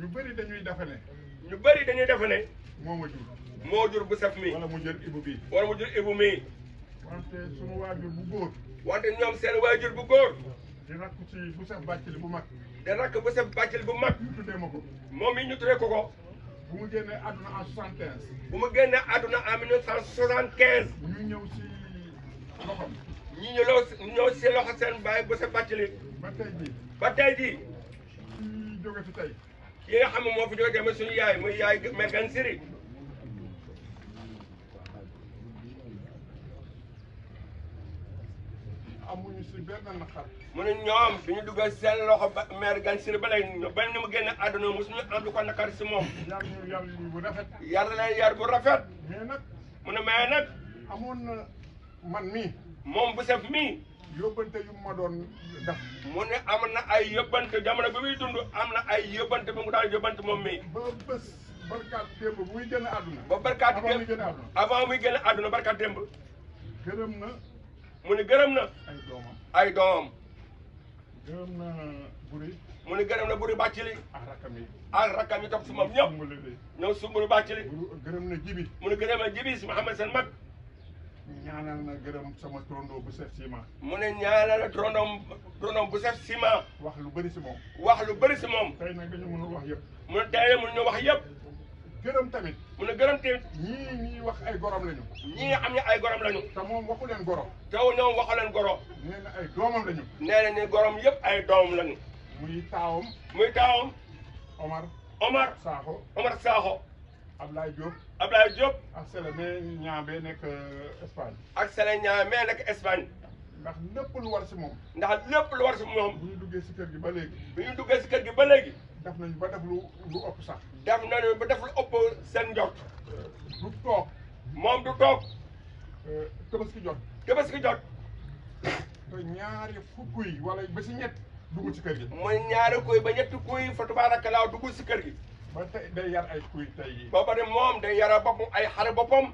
ñu bëri dañuy defe ne. ñu bëri dañuy defe ne. moo ma jur. moo jur bu saf mi. wala mu jur ibu bi. wala mu jur ibu mi. wante sunu waajur bu góor. wante ñoom seen waajur bu góor. di rakk ci bu saf bàccil bu mag. di rakk bu saf bàccil bu mag. ñu tuddee ma ko. moom yi ñu tuddee ko ko. bu mu génnee àdduna en soixante quinze. bu mu génnee àdduna en mille neuf cent soixante quinze. ñu ñëw si loxom. ñu ñëw ñëw si loxo seen baay bu saf bàccil. ba tey jii. ba tey jii. kii jóge fi tey. ki nga xam ne moo fi doon demee suñu yaay muy yaay Mère Gane Siri amuñu si benn naqar. mu ne ñoom bi ñu dugal seen loxo ba Mère Siri ba léegi ba ni mu génne àdduna mosuñu am lu ko naqar si moom. yar ñu bu rafet. yar leen yar bu rafet. mais nag. mu ne mais nag. amoon na moom bu sef mii. yóbbante yu ma doon ndax am na ay yóbbante jamono bi muy dund am na ay yóbbante bi mu daan yóbbante moom mii ba bés barkaat démb bu a ba barkaat démb avant muy gën a àdduna barkaat démb gërëm na ay doomam ay doomam gërëm na buri mu ne gërëm na buri bàcc li ak rakam yi ak rakam yi topp si moom ñëpp ñëw sumbulu bàcc li na jibi mu ne na jibi si Mouhamed seen mag ñaanal na gërëm sama trondoo bu sef ciment. mu ne ñaanal la trondoom trondoom bu sef ciment. wax lu bëri si moom. wax lu bari si moom. tey nag dañu yëpp. mu ne tey mënu ñu wax yëpp. gërëm tamit. mu ne gërëm tamit. ñii ñii wax ay gorom lañu. ñii nga xam ne ay gorom lañu. te moom waxu leen goro. te ñoom waxu leen goro. nee na ay doomam lañu. nee na ni gorom yëpp ay doomam lañu. muy taawam. muy taawam. Omar. Omar Sakho Omar Sakho. Ablaye Diop Ablaye Diop. ak Sele mais ñaamee nekk euh, Espagne. ak Sele ñaamee nekk Espagne. ndax lépp lu war si moom. ndax lépp lu war si moom. bu ñu duggee si kër gi ba léegi. bu ñu duggee si kër gi ba léegi. def nañu ba def lu ëpp sax. def nañu ba def lu ëpp seen njort. du toog. moom du toog. Euh, tabaski jot. tabaski jot. te ñaari fukk yi wala ba si ñett dugg si kër gi. mooy ñaari kuy ba ñetti kuy fa tubaarakalaaw dugg si kër gi. ba tey day yar ay kuy tey yi. ba pare moom day yara boppam ay xare boppam.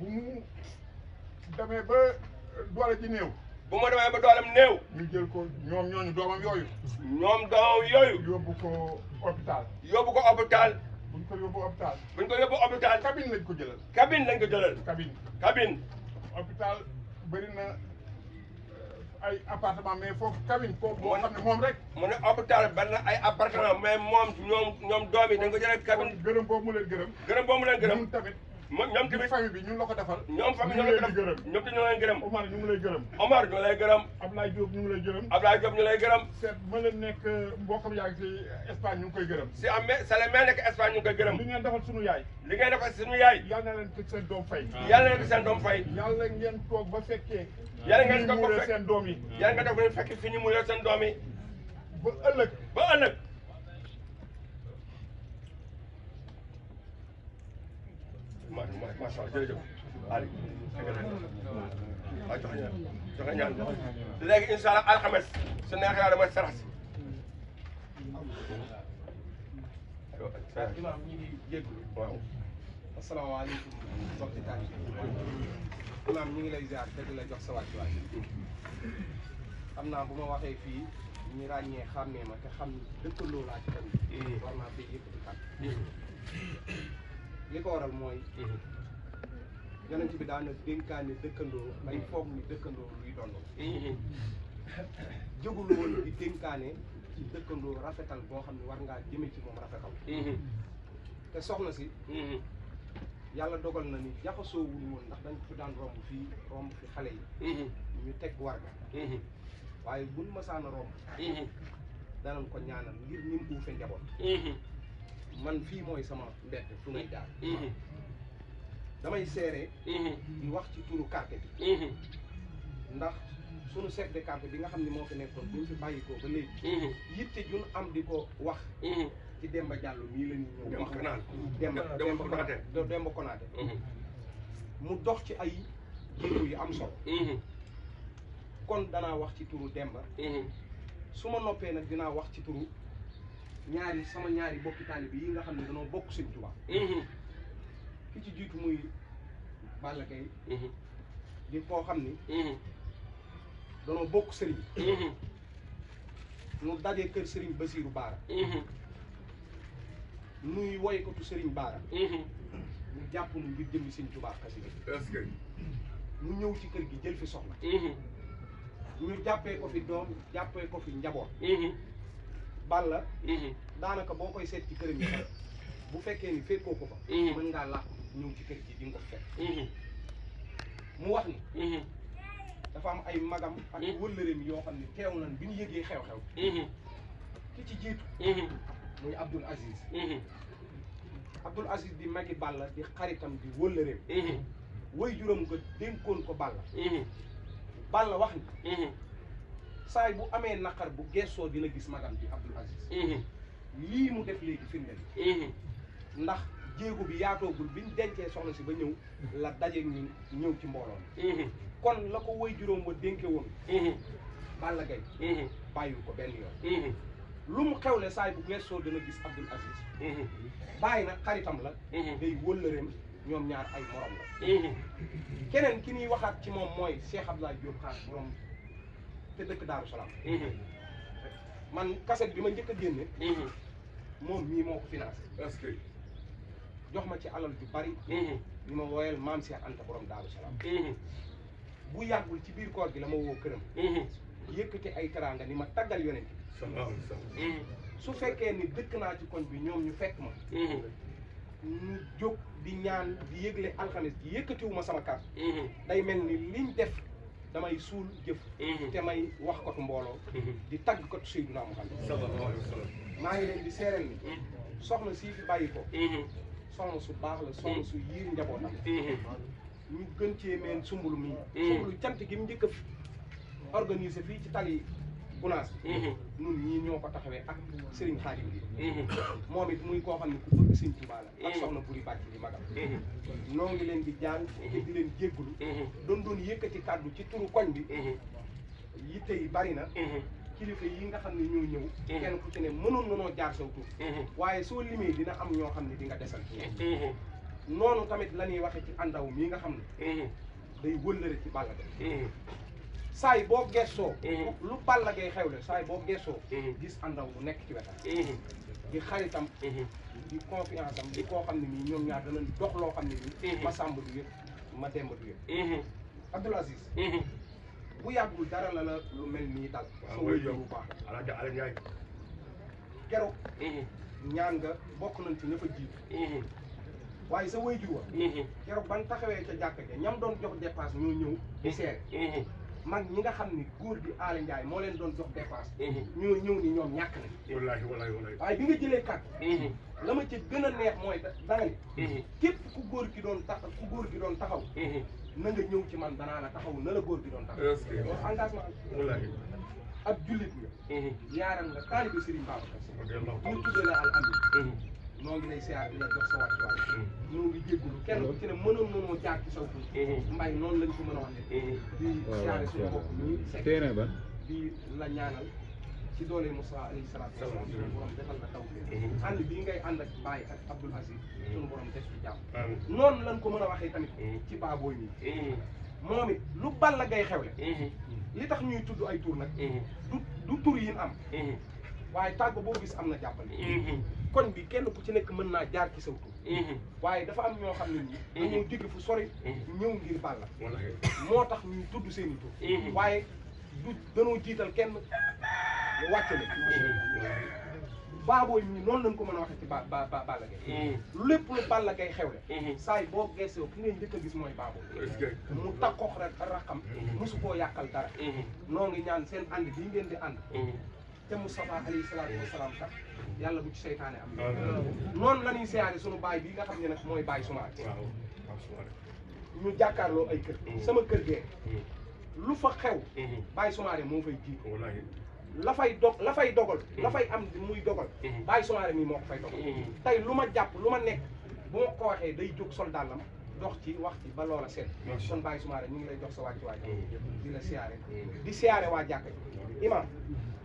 bu mu demee ba doole ji néew. bu ma demee ba dooleem néew. ñu jël ko ñoom ñooñu doo yooyu. ñoom doomam yooyu. yóbbu ko hôpital. yóbbu ko hôpital. buñ ko yóbbu hôpital. buñ ko yóbbu hôpital. cabine lañ ko jëlal. cabine lañ ko jëlal. cabine cabine. hôpital bëri na. ay appartement mais foofu cabine foofu boo xam ne moom rek mu ne hôpital benn ay appartement mais moom ñoom ñoom doom yi dañ ko jëlee cabine gërëm boobu mu leen gërëm gërëm boobu mu leen moom ñoom tamit famille bi ñun la ko defal ñoom famille ñoo la gërëm ñoom tamit ñoo lay gërëm Omar ñu ngi lay gërëm Omar ñu lay gërëm Ablaye Diop ñu ngi lay gërëm Ablaye Diop ñu lay gërëm seet ma leen nekk euh, mbokkam yaa ngi si euh, Espagne ñu ngi koy gërëm si am sale ma nekk Espagne ñu ngi koy gërëm li ngeen defal suñu yaay li ngeen defal suñu yaay yal na leen ko ah. seen doom fay yal na leen ko seen doom fay yàlla ngeen toog ba fekkee ah. yàlla ngeen toog ba fekk seen doom yi ah. yàlla nga def leen fekk fi ñu muuree seen doom yi ba ëllëg ba ëllëg macha allah jërëjëf Aliou. waaw joxe ñaan joxe ñaan léegi incha allah alxames su neexee yàlla mooy sarax si. imaam ñu ngi jégalu. waaw. asalaamaaleykum mbokki taalibe bi. imaam ñu ngi lay ziar dëgg la jox sa wàccuwaay. xam naa bu ma waxee fii ñu ràññee xàmmee ma te xam dëkkandoo laa ci tamit. Eh. war naa fay yëkkati kàddu. li ko waral mooy mhm. yonent bi daana dénkaane dëkkandoo ay foog ni dëkkandoo luy doon mhm. jógulu woon di dénkaane ci dëkkandoo rafetal boo xam ne war ngaa jëme ci moom rafetal mhm. te soxna si yàlla dogal na ni jaxasoowuñu woon ndax dañ ko fi daan romb fii romb fi xale yi ñu teg war ga waaye buñ masaana romb danañ ko ñaanal ngir ni mu njaboot man fii mooy sama mbedd fu may daal mhm. damay seere mhm. di wax ci turu quartier bi mhm. ndax sunu chef de quartier bi nga xam ne moo fi nekkoon buñ fi bàyyi ko ba léegi yitte jun am di ko wax ci Demba Diallo mii la ñuy ñëw wax naan Demba Demba Konaté Demba Konaté mu dox ci ay jéego yu am solo kon danaa wax ci turu Demba su ma noppee nag dinaa wax ci turu ñaari sama ñaari bokki taalibe yi nga xam ne danoo bokk sëñ Tuubaa mhm. ki ci jiitu muy Balla Gaye mhm. di koo xam ne mhm. danoo bokk sëriñ nu dajee kër sëriñ Basiiru Baara nuy woykatu sëriñ Baara mu jàpp nu ngir jëmmi sëñ Tuubaa xasida mu ñëw ci kër gi jël fi soxna ñu jàppee ko fi doom jàppee ko fi njaboot Balla. Mhm. daanaka boo koy seet ci këram yi bu fekkee ni fekkoo ko fa. Mhm. mën ngaa làq ñëw ci kër gi di nga ko fekk. Mhm. mu wax ni. dafa am ay magam. ak wëllëreem yoo xam ne teew nañ bi ñu yëgee xew-xew. ki ci jiitu. muy Abdoul Aziz. Abdoul Aziz di magi Balla di xaritam di wëllëreem. way juróom nga dénkoon ko Balla. Balla wax ni. saay bu amee naqar bu geesoo dina gis magam bi Abdoul Aziz mhm. lii mu def léegi firndeel mhm. ndax jéego bi yaatoogul bi ñu dencee soxla si ba ñëw la daje ñun ñëw ci mbooloo mhm. kon la ko woy juróom wa dénke woon Balla Gaye bàyyiwul ko benn yoon lu mu xewle saay bu geesoo dina gis Abdoul Aziz bàyyi nag xaritam la day wëllëreem ñoom ñaar ay morom keneen ki ñuy waxaat ci moom mooy Cheikh naa Diop xaar moom te dëkk Daaru Salaam. Mhm. man cassette bi ma njëkk a génne. Mhm. moom mii moo ko financé. que jox ma ci alal ju bari. ñu mhm. ma woyal maam Cheikh Anta borom bu yàggul ci biir koor gi la ma woo këram. yëkkati ay teraanga ni ma taggal yonent bi. su fekkee ni dëkk naa ci koñ bi ñoom ñu fekk ma. ñu jóg di ñaan di yëgle alxames di yëkkatiwuma sama kàddu. day mel ni liñ def. damay suul jëf mhm. te may wax kot mbooloo mhm. di tagg kot Seydina Muhammad maa ngi leen di seereel ni mhm. soxna si fi bàyyi ko soxna su baax la soxna su yiir njabootam ñu gën cee meen sumbulu mii sumbulu cant gi mu njëkk fi organiser fii ci tali yi gunaas mhm. ñun ñii ñoo ko taxawee ak Serigne Khadim mhm. moom it muy koo xam ne ku bëgg Serigne Touba la ak mhm. soxna buri bàcc bi magam noo leen di jàng te di leen jéggulu doon doon yëkkati kàddu ci turu koñ bi yitte yi bari na kilifa yi nga xam ne ñoo ñëw kenn ku ci ne mënoon nanoo jaar saw tur waaye soo limee dina am ñoo xam ne di nga desal ci noonu tamit la ñuy waxe ci àndaw mii nga xam ne day wëllëre ci bàll saa yi boo gëstoo. Mm-hmm. lu Balla Gaye xewle saa yi boo gëstoo. Mm-hmm. gis andaw bu nekk ci wetam. Mm-hmm. di xaritam. di confiance am di koo xam ne nii ñoom ñaar danañ dox loo xam ne nii. ma sàmb du yëpp ma demb du yëpp. Abdoul Aziz. bu yàggul dara la la lu mel nii dal. waaw mooy yow bu baax alaaji alaaji Ndiaye. keroog. ñaan nga bokk nañ ci ña fa jiitu. waaye sa wayjur wa. keroog ban taxawee ca jàkka ja ñam doon jox dépasse ñoo ñëw. di seere. mag ñi nga xam ni góor bi ale Ndiaye moo leen doon jox dépense. Mhm. ñoo ñëw ni ñoom ñàkk nañ. wallaahi wallaahi wallaahi. waaye bi nga jëlee kàddu. Mhm. la ma ci gën a neex mooy da nga ni. Mhm. képp ku góor gi doon tax ku góor gi doon taxaw. na nga ñëw ci man danaa la taxaw na la góor gi doon taxaw. est-ce julit engagement wallaahi. ab jullit nga. yaaram nga taalibe Serigne Babacar. ñu tuddee la al amin. ñoo ngi lay siyaar di sa wàccuwaay mm-hmm. kenn ku ci mënoon na moo jaar ci saw mm-hmm. noonu lañ ko mën a wax mm-hmm. di siyaare suñu bopp ba di la ñaanal ci doole Moussa alayhi salaatu wa salaam suñu borom defal na taw ànd bii ngay ànd ak Baye ak Abdoul Aziz lañ ko mën a waxee tamit ci baabooy mi moom it lu bal la ngay xew li tax ñuy tudd ay tur nag du du tur yi am waaye tàgg boo gis am na jàppale. Mhm. koñ bi kenn ku ci nekk mën naa jaar ci sawtu mhm. waaye dafa am ñoo xam ne ñi mhm. dañoo jigg fu sori ñëw ngir Balla moo tax ñu tudd seen i tur waaye du danoo jiital kenn wàccale baabooy ñu noonu lañ ko mën a waxee ci ba ba Balla Gaye lépp lu Balla Gaye xewle saa yi boo geesoo ki ngay njëkk a gis mooy baabooy mu takkox rek raxam mosu koo yàqal dara noo ngi ñaan seen ànd bii ngeen di ànd te Moustapha alayhi salaatu wasalaam tax yàlla bu ci seytaane am noonu la ñuy siyaare sunu baay bi nga xam ne nag mooy baay sumaare ñu jàkkaarloo ay kër mm. sama kër gee mm. lu fa xew mm-hmm. baay sumaare moo fay jiitu la fay dog la fay dogal mm-hmm. la am muy dogal mm-hmm. baay sumaare mii moo ko fay dogal tey lu ma jàpp lu ma nekk bu ma ko waxee day jóg soldat la dox ci wax ci ba loola seet kon Baye Soumaré ñu ngi lay jox sa wàcc waay di la siyaare di siyaare waa jàkk ji imam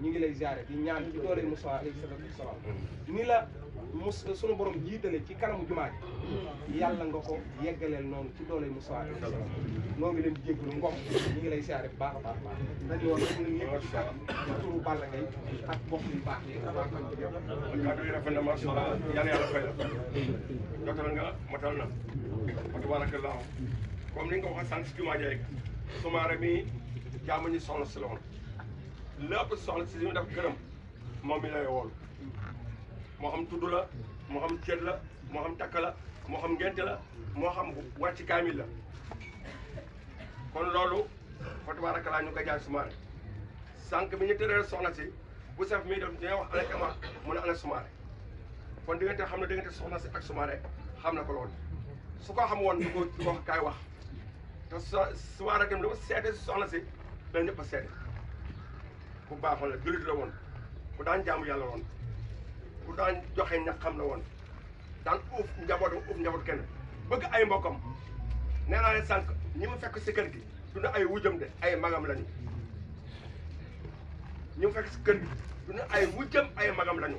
ñu ngi lay ziare di ñaan ci doole Moussa alayhi salaatu wasalaam ni la mus sunu borom jiitale ci kanamu jumaa ji yàlla nga ko yeggaleel noonu ci doole Moussa alayhi salaam noo ngi leen di jégalu ngox ñu ngi lay ziare bu baax a baax baax dañu woon dañu leen yëkkati kat ci turu Balla Gaye ak bokk yu baax yi kàddu yi rafet na macha allah yàlla yàlla fay la jotal nga matal na wa tabarakallahu comme ni nga ko waxee sànq si jumaa ji rek sumaare mi jaamu ñu soxla si la woon lépp soxla si li mu def gërëm moom mi lay woolu moo xam tudd la moo xam cër la moo xam takk la moo xam ngénte la moo xam wàcc kaamil la kon loolu fa tabaarakalaa ñu ko jaay sumaare sànq bi ñu tëree soxna si bu saf mii def dina wax ana kama mun a ana sumaare kon diggante xam ne diggante soxna si ak sumaare xam na ko loolu su ko xam woon du ko wax kaay wax te sumaare tamit lu seete si soxna si dañ ñëpp seete ku baaxoon la jullit la woon ku daan jaamu yàlla woon ku daan joxe ñaxam la woon daan uuf njabootam uuf njaboot kenn bëgg ay mbokkam nee naa leen ñi mu fekk si kër gi du ay wujjam de ay magam lañu ñi mu fekk si kër gi du ay wujjam ay magam lañu